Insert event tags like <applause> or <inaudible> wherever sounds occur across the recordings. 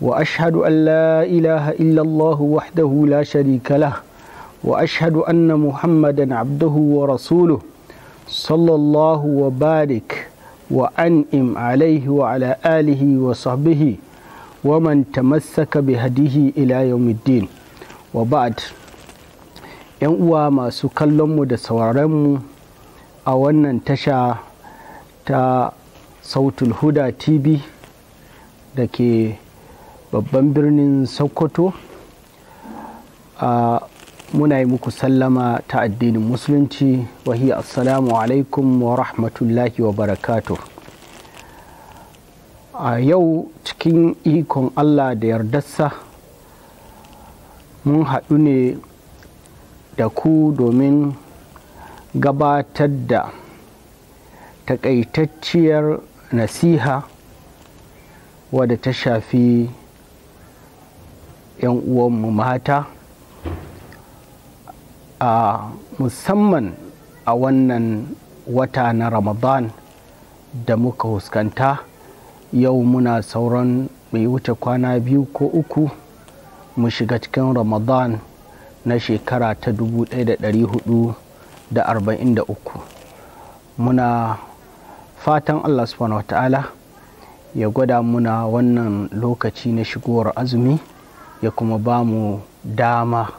واشهد ان لا اله الا الله وحده لا شريك له واشهد ان محمدا عبده ورسوله صلى الله وبارك وانئم عليه وعلى اله وصحبه ومن تمسك بهديه الى يوم الدين وبعد yan uwa masu kallonmu da sauraronmu a wannan tasha ta sautul huda tv da ke babban birnin sokoto muna yi muku sallama ta addinin musulunci wahi assalamu alaikum wa rahmatullahi wa barakatu a yau cikin ikon allah da yardarsa mun haɗu ne da ku domin gabatar da takaitacciyar nasiha wadda ta shafi 'yan uwanmu mata a musamman a wannan wata na ramadan da muka huskanta yau muna sauran mai wuce kwana biyu ko uku mu shiga cikin ramadan na shekara ta 1443 muna fatan allah subhanahu wa ta'ala ya gwada muna wannan lokaci na shigowar azumi ya kuma ba mu dama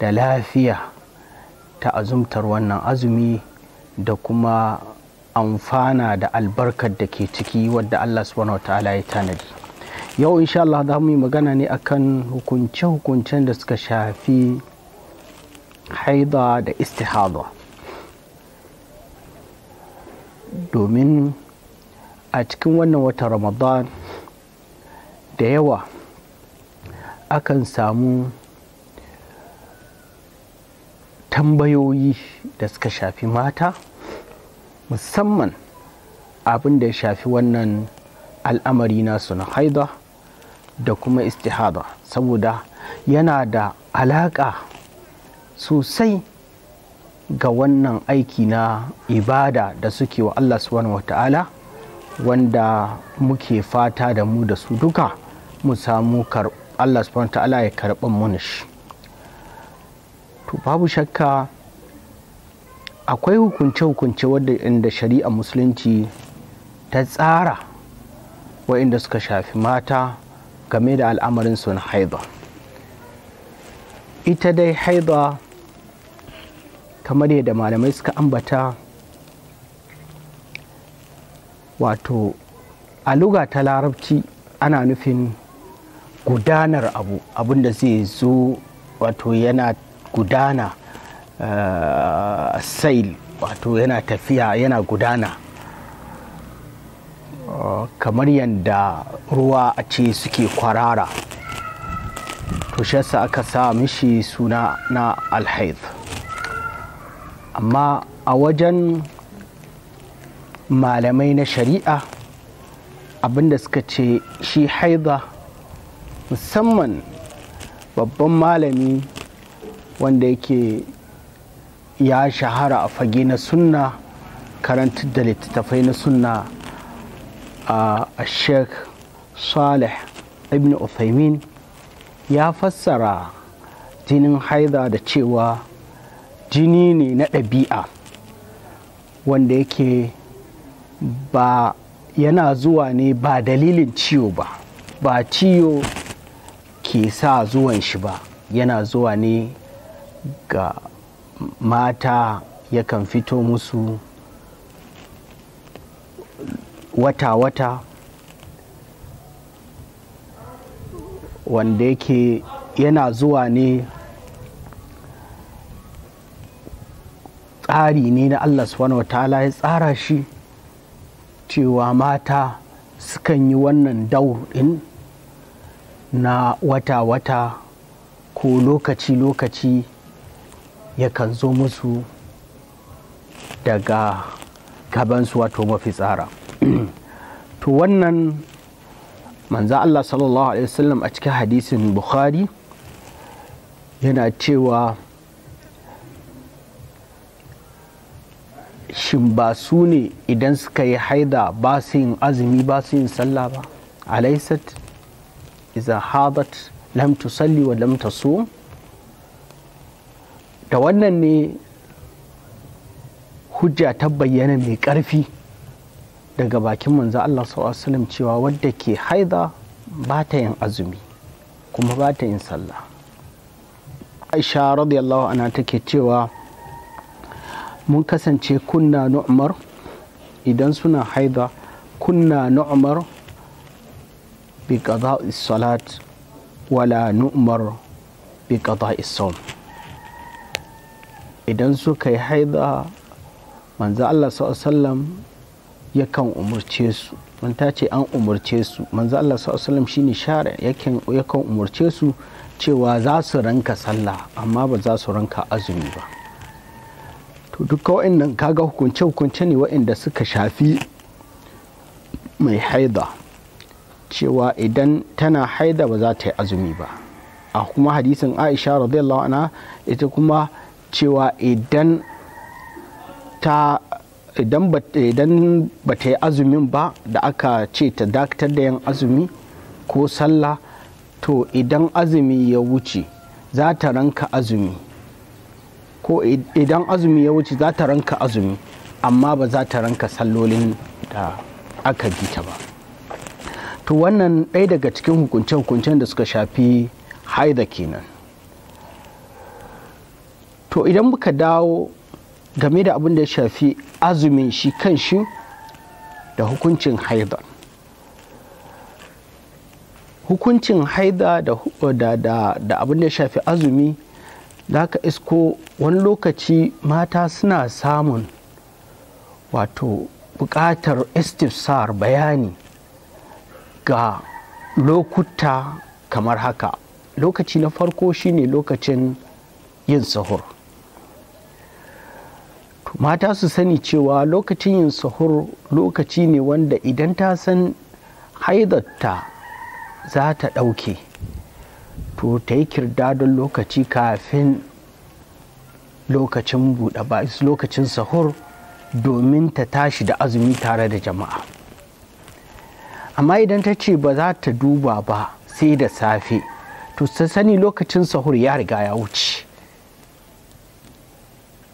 da lafiya ta azumtar wannan azumi da kuma amfana da albarkar da ke ciki wadda Allah subhanahu ta'ala ya tanadi yau insha Allah za mu yi magana ne akan hukunce-hukuncen da suka shafi haida da istihada domin a cikin wannan wata ramadan da yawa akan samu tambayoyi da suka shafi mata musamman abin da ya shafi wannan al'amari nasu na haida da kuma istihada saboda yana da alaƙa sosai ga wannan aiki na ibada da suke wa Allah subhanahu wata'ala wanda muke fata da mu da su duka mu samu karɓo Allah subhanahu ta'ala ya karɓi mana to babu shakka akwai hukunce-hukunce wadda inda shari'a musulunci ta tsara wa'inda suka shafi mata game da al'amarin sun haida ita dai haida kamar yadda malamai suka ambata wato a luga ta larabci ana nufin gudanar abu abin da zai zo wato yana gudana a eh, sail wato yana tafiya yana gudana eh, kamar yadda ruwa a ce suke kwarara to aka sa mishi suna na alhaif amma a wajen malamai na shari'a abinda suka ce shi haida musamman babban malami wanda yake ya shahara a fage na sunna karantar da littattafai na sunna a sheikh salih ibn uthaymin ya fassara jinin haida da cewa jini ne na ɗabi'a wanda yake ba yana zuwa ne ba dalilin ciwo ba ba ciwo ke sa zuwan shi ba yana zuwa ne ga mata yakan fito musu wata-wata wanda yake yana zuwa ne tsari ne na Allah subhanahu wataala ya tsara shi cewa mata sukan yi wannan daurin. na wata-wata ko lokaci-lokaci yakan zo musu daga gabansu wato mafi tsara. <clears throat> to wannan manza Allah sallallahu alaihi wasallam a cikin hadisin bukhari yana cewa shin ba su ne idan suka yi haida ba su yin azumi ba su yin sallah ba alaisat iza hadat lam tusalli wa lam tasum da wannan ne hujja ta bayyana mai ƙarfi daga bakin manzo Allah wasallam cewa wadda ke haida ba ta yin azumi kuma ba ta yin sallah aisha radiyallahu ana take cewa mun kasance kunna nu'mar idan suna haida kunna nu'mar is wala numar ولا نؤمر is الصوم idan suka yi haida manzo Allah sallam yakan umarce su ta ce an umarce su manzo Allah sallam shine share yakan yakan umarce su cewa za su ranka sallah amma ba za su ranka azumi ba to duka wa'annan kaga hukunce hukunce ne wa'anda suka shafi mai haida cewa idan tana haida ba za ta yi azumi ba a kuma hadisin aisha radiyallahu anha ita kuma cewa idan ta idan ba ta yi azumin ba da aka ce ta dakatar da yan azumi ko sallah to idan azumi ya wuce za ta ranka azumi ko idan azumi ya wuce za ta ranka azumi amma ba za ta ranka sallolin da aka gita ba to wannan ɗaya daga cikin hukunce-hukuncen da suka shafi haida kenan to idan muka dawo game da abin da ya shafi azumin shi kan shi da hukuncin haida hukuncin haida da, da abin da ya shafi azumi za ka isko wani lokaci mata suna samun wato buƙatar istifsar bayani ga lokuta kamar haka lokaci na farko shine lokacin yin sahur mata su sani cewa lokacin yin sahur lokaci ne wanda idan ta san haidatta za ta ɗauke to ta yi kirdadon lokaci kafin lokacin buɗe lokacin sahur domin ta tashi da azumi tare da jama'a amma idan ta ce ba za ta duba ba sai da safe to ta sani lokacin sahur ya riga ya wuce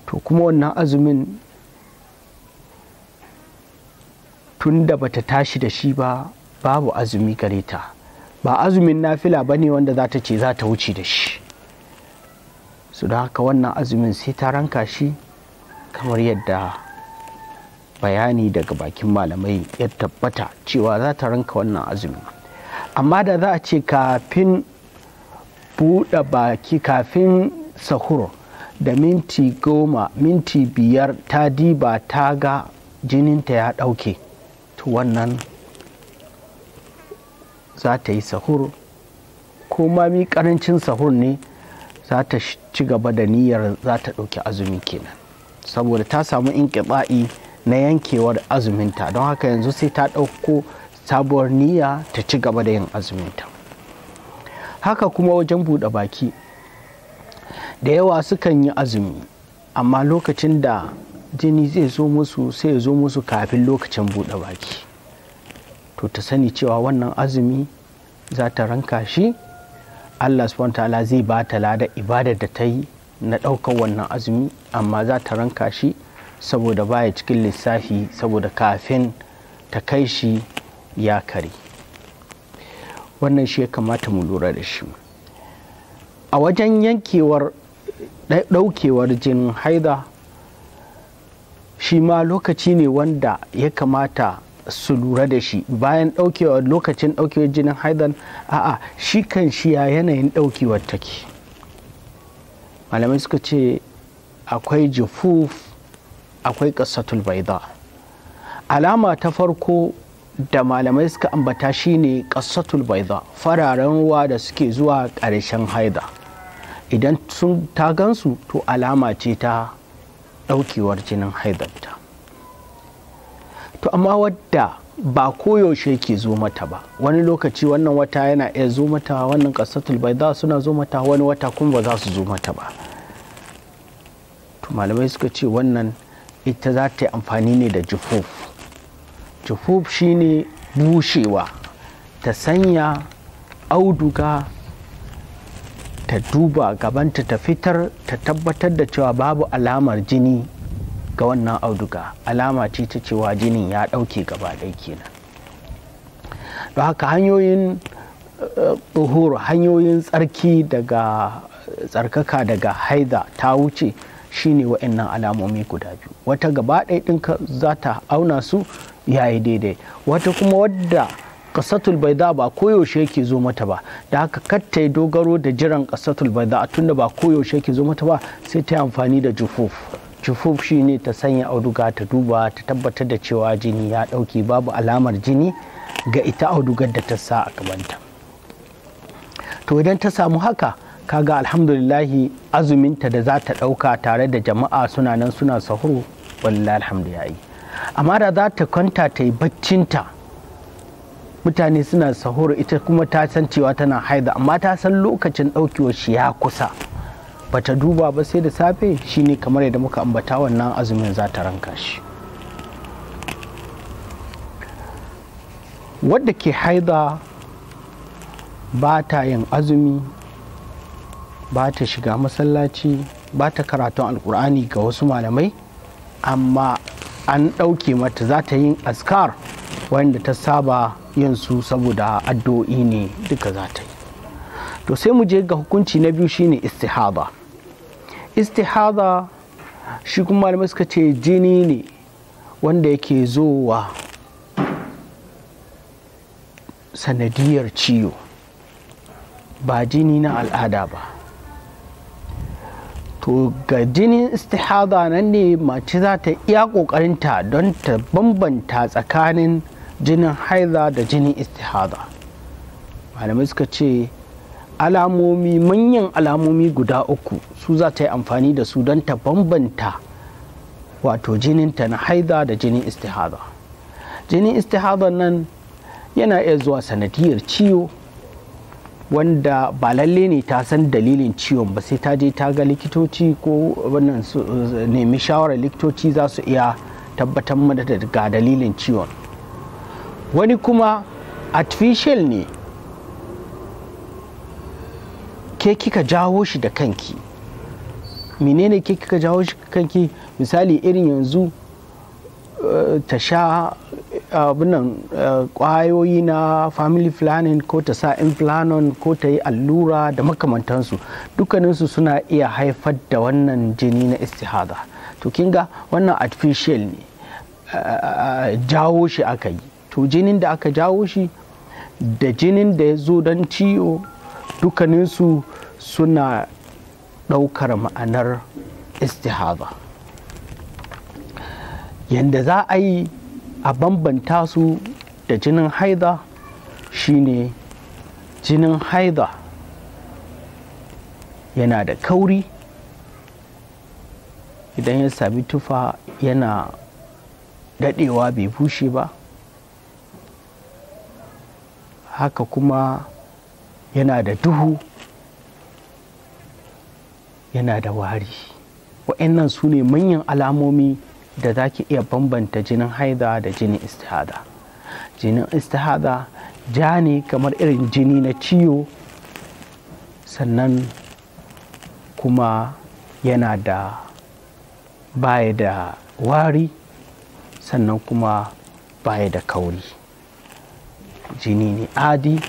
to kuma wannan azumin tun da ba ta tashi da shi ba babu azumi gare ta ba azumin nafila ba ne wanda za ta ce za ta wuce da shi su da haka wannan azumin sai ta ranka shi kamar yadda bayani daga bakin malamai ya tabbata cewa za ta ranka wannan azumi amma da za a ce kafin buɗe baki kafin sahur da minti goma minti biyar ta diba ta ga jininta ya ɗauke to wannan za ta yi sahur ko ma mi karancin sahur ne za ta ci gaba da niyyar za ta ɗauki azumi kenan saboda ta samu inƙiba'i na yankewar azuminta don haka yanzu sai ta ɗauko sabuwar niyya ta ci gaba da yin azuminta haka kuma wajen buɗe baki da yawa sukan yi azumi amma lokacin da jini zai zo musu sai ya zo musu kafin lokacin buɗe baki to ta sani cewa wannan azumi za ta ranka shi allah subhanahu ta'ala zai ba ta lada ibadar da ta yi na ɗaukar wannan azumi amma za ta ranka shi saboda baya cikin lissafi saboda kafin ta kai shi ya kare wannan shi ya kamata mu lura da shi a wajen yankewar daukewar jinin haida shi ma lokaci ne wanda ya kamata su lura da shi bayan daukewar lokacin daukewar jinin haidan a'a shi kan shi ya yanayin daukewar take malamai suka ce akwai jifuf akwai ƙasatul baida alama ta farko da malamai suka ambata shine ƙasatul baida fararen ruwa da suke zuwa ƙarshen haida idan sun ta gansu to alama ce ta ɗaukewar jinin haidarta to amma wadda ba koyaushe ke zo mata ba wani lokaci wannan wata yana iya zo mata wannan ƙasatul baida suna zo mata wani wata kuma ba za su zo mata ba to malamai suka ce wannan ita za ta yi amfani ne da jufuf jufuf shine bushewa ta sanya auduga ta duba gabanta ta fitar ta tabbatar da cewa babu alamar jini ga wannan auduga alama ce ta cewa jinin ya ɗauke gaba ɗaya kenan don haka hanyoyin tsohoro eh, hanyoyin tsarki daga tsarkaka daga haida ta wuce shine wa'annan alamomi guda biyu wata gaba ɗaya ɗinka za ta auna su yayi daidai wata kuma wadda kasatul baida ba koyaushe yake zo mata ba da haka katta dogaro da jiran kasatul baida tunda ba koyaushe yake zo mata ba sai ta yi amfani da jufuf jufuf shine ta sanya auduga ta duba ta tabbatar da cewa jini ya ɗauki babu alamar jini ga ita audugar da ta sa a gabanta to idan ta samu haka kaga alhamdulillahi azuminta da za ta ɗauka tare da jama'a suna nan suna sahuru wallahi alhamdu ya yi amma da za ta kwanta ta yi baccinta mutane suna sahuru ita kuma ta san cewa tana haida amma ta san lokacin ɗaukewar shi ya kusa Ba ta duba ba sai da safe shine kamar yadda muka ambata wannan azumin za ta ranka shi wadda ke haida ba ta yin azumi ba ta shiga masallaci ba ta karatun alkur'ani ga wasu malamai amma an ɗauke mata za ta yin askar wanda ta saba yin su saboda addu'o'i ne duka za ta yi to sai mu je ga hukunci na biyu shine istihaba istihaba shi kuma malamai suka ce jini ne wanda yake zowa sanadiyar ciwo ba jini na al'ada ba to ga jinin istihada nan ne mace za ta iya ƙoƙarinta don ta bambanta tsakanin jinin haiza da jinin istihada malamai suka ce alamomi manyan alamomi guda uku su za ta yi amfani da su don ta bambanta wato jinin ta na haiza da jinin istihada jinin istihada nan yana iya zuwa sanadiyar ciwo wanda ba lalle ne ta san dalilin ciwon ba sai ta je ta ga likitoci ko wannan nemi shawarar likitoci za su iya tabbatar mana da ga dalilin ciwon wani kuma artificial ne ke kika jawo shi da kanki menene ke kika jawo shi da kanki misali irin yanzu eh, ta sha Ah, abinan ah, kwayoyi na family planning ko ta sa planning ko ta yi allura da makamantansu dukkaninsu suna iya haifar da wannan jini na istihada to kinga wannan artificial ne ah, jawo shi aka yi to jinin da aka jawo shi da jinin da ya zo don ciwo dukkaninsu suna ɗaukar ma'anar istihada yadda za a yi a bambanta su da jinin haida shine jinin haida yana da kauri idan ya sami tufa yana dadewa bai bushe ba haka kuma yana da duhu yana da wari wa'annan su ne manyan alamomi da za ki iya bambanta jinin haida da jinin istihada jinin istihada ja ne kamar irin jini na ciwo sannan kuma yana da baya da wari sannan kuma baya da kauri jini ne adi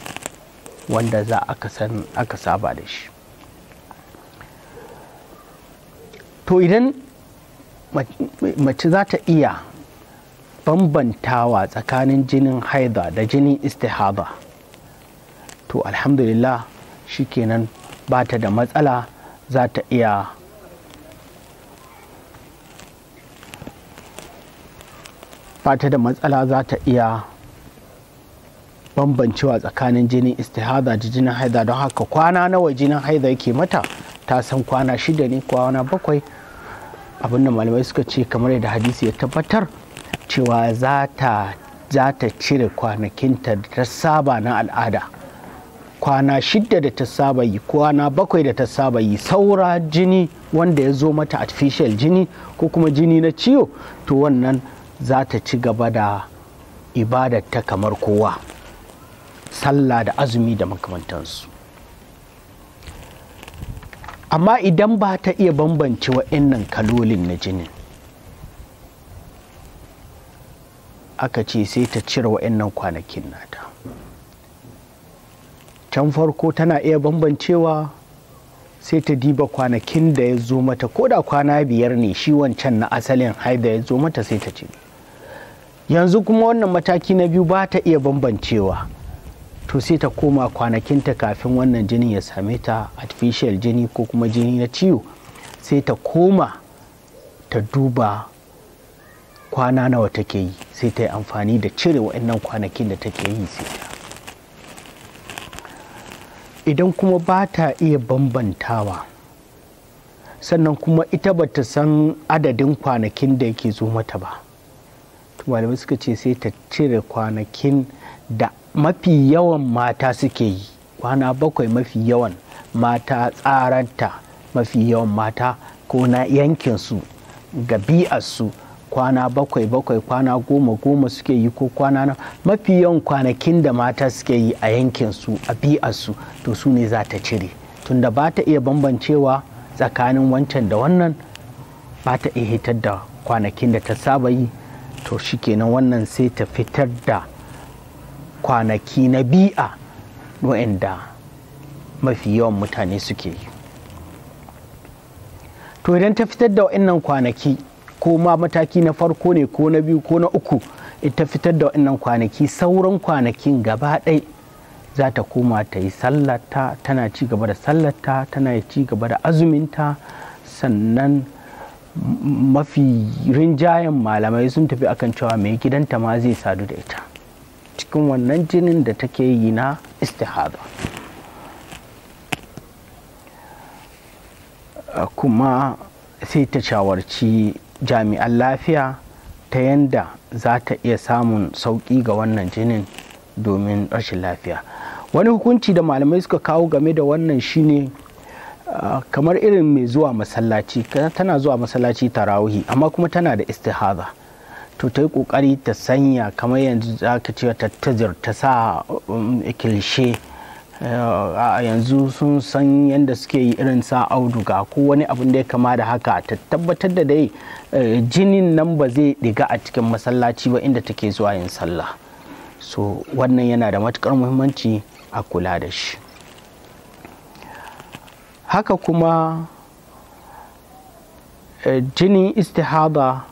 wanda za aka san aka saba da shi to idan mace za ta iya bambantawa tsakanin jinin haida da jinin istihaba to alhamdulillah shikenan ba ta da matsala za ta iya ba ta da matsala za ta iya bambancewa tsakanin jinin istihada da jinin haida don haka kwana nawa jinin haida yake mata ta san kwana shida ne kwana bakwai Abin da malamai suka ce kamar yadda hadisi ya tabbatar cewa za ta za ta cire kwanakinta da ta saba na al'ada kwana shidda da ta saba yi kwana bakwai da ta saba yi saura jini wanda ya zo mata artificial jini ko kuma jini na ciwo to wannan za ta ci gaba da ibadar ta kamar kowa sallah da azumi da makamantansu amma idan ba ta iya bambance wa'annan kalolin na jinin aka ce sai ta cire wa'annan kwanakin nata can farko tana iya bambancewa sai ta diba kwanakin da ya zo mata ko da kwana biyar ne shi wancan na asalin haida ya zo mata sai ta ce yanzu kuma wannan mataki na biyu ba ta iya bambancewa to sai ta koma kwanakinta kafin wannan jinin ya same ta artificial jini ko kuma jini na ciwo sai ta koma ta duba kwana nawa take yi sai ta yi amfani da cire wa'annan kwanakin da take yi sai ta idan kuma ba ta iya bambantawa sannan kuma ita ba ta san adadin kwanakin da yake zo mata ba malamai suka ce sai ta cire kwanakin da mafi yawan mata suke yi kwana bakwai mafi yawan mata tsaranta mafi yawan mata ko na yankinsu gabi'arsu kwana bakwai bakwai kwana goma goma suke yi ko kwana na mafi yawan kwanakin da mata suke yi a yankinsu a bi'arsu to su ne za ta cire tunda ba ta iya bambancewa tsakanin wancan da wannan ba ta iya hitar da kwanakin da ta saba yi to shi shikenan wannan sai ta fitar da kwanaki na bi'a wa'anda mafi yawan mutane suke yi to idan ta fitar da wa'annan kwanaki ko ma mataki na farko ne ko na biyu ko na uku ita fitar da wa'annan kwanaki sauran kwanakin gaba ɗai za ta koma ta yi sallata tana ci gaba da sallata tana ci gaba da azuminta sannan mafi rinjayen malamai sun tafi akan cewa mai gidanta ma zai sadu da ita cikin wannan jinin da take yi na istihada kuma sai ta shawarci jami'an lafiya ta yanda za ta iya samun sauƙi ga wannan jinin domin rashin lafiya wani hukunci da malamai suka kawo game da wannan shine kamar irin mai zuwa masallaci tana zuwa masallaci tarawihi amma kuma tana da istihada to ta yi kokari ta sanya kamar yanzu za ka ce ta tazir ta sa um, kilishe uh, a yanzu sun san yadda suke yi irin sa auduga ko wani abin da ya kama da haka ta tabbatar da dai eh, jinin nan ba zai diga a cikin masallaci ba inda take zuwa yin sallah so wannan yana da matukar muhimmanci a kula da shi haka kuma eh, jinin istihaba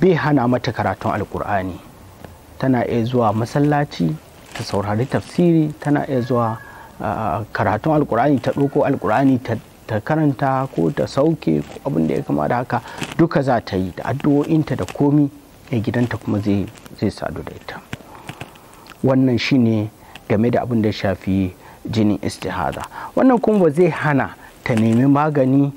bai hana mata karatun alkur'ani tana iya zuwa masallaci ta saurari tafsiri tana iya zuwa karatun alkur'ani ta ɗauko alkur'ani ta karanta ko ta sauke ko abin da ya kama da haka duka za ta yi da addu'o'inta da komi ya gidanta kuma zai sadu da ita wannan shine game da abin da ya shafi jinin istihada wannan kuma ba zai hana ta nemi magani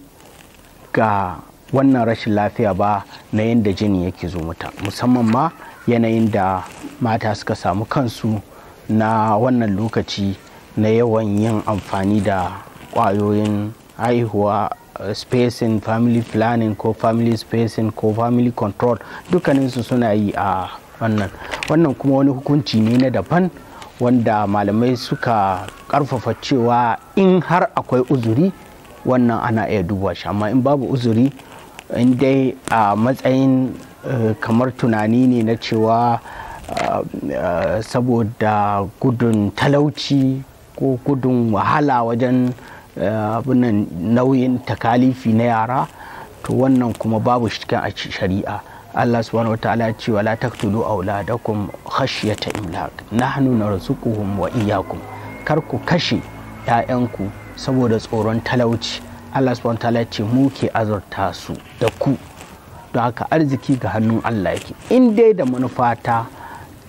ga wannan rashin lafiya ba na yadda jini yake zo mata musamman ma yanayin da mata suka samu kansu na wannan lokaci na yawan yin amfani da kwayoyin haihuwa eh, spacing family planning ko family spacing ko family control dukkaninsu suna yi a wannan wannan kuma wani hukunci ne na daban wanda malamai suka karfafa cewa in har akwai uzuri wannan ana iya duba shi amma in babu uzuri in dai a matsayin eh, kamar tunani ne na cewa eh, eh, saboda gudun talauci ko gudun wahala wajen abinan nauyin takalifi na yara to wannan kuma babu cikin a shari'a Allah subhanahu wa ya ce wala taqtulu auladakum khashyata imlaq nahnu narzuquhum wa iyyakum kar ku kashe 'ya'yanku saboda tsoron talauci Allah subhanahu ta'ala ce mu ke azurta su da ku don haka arziki ga hannun Allah yake in dai da manufata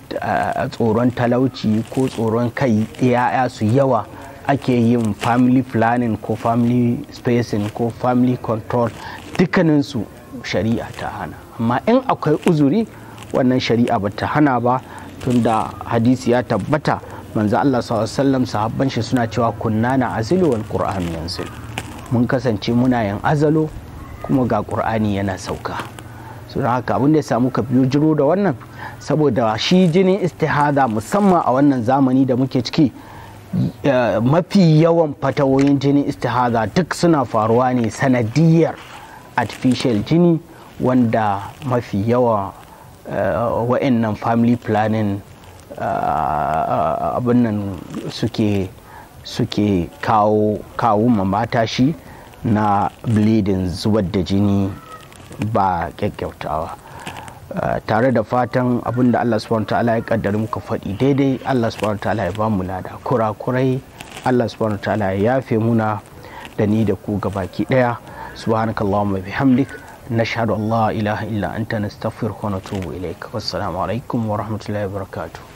eh, tsoron talauci ko tsoron kai ya'ya su yawa ake yin family planning ko family spacing ko family control dukkaninsu shari'a ta hana amma in akwai uzuri wannan shari'a ba ta hana ba tunda hadisi ya tabbata manzo Allah sallallahu alaihi wasallam sahabban shi suna cewa kunna na azilu wal qur'an mun kasance muna yin azalo kuma ga ƙur'ani yana sauka suna haka abin da ya samu ka biyo jiro da wannan saboda shi jinin istihada musamman a wannan zamani da muke ciki mafi yawan fatawoyin jinin istihada duk suna faruwa ne sanadiyar artificial jini wanda mafi yawa eh, nan family planning eh, abin nan suke suke kawo kawo matashi na bleeding zubar da jini ba kyakkyautawa eh, tare da fatan abinda Allah subhanahu ta'ala ya kaddari muka faɗi daidai Allah subhanahu ta'ala ya bamu lada kurakurai Allah subhanahu ta'ala ya yafe muna da ni da ku gabaki daya subhanakallahumma bihamdik nashhadu an la ilaha illa anta nastaghfiruka wa natubu ilaik wassalamu alaikum wa rahmatullahi wa barakatuh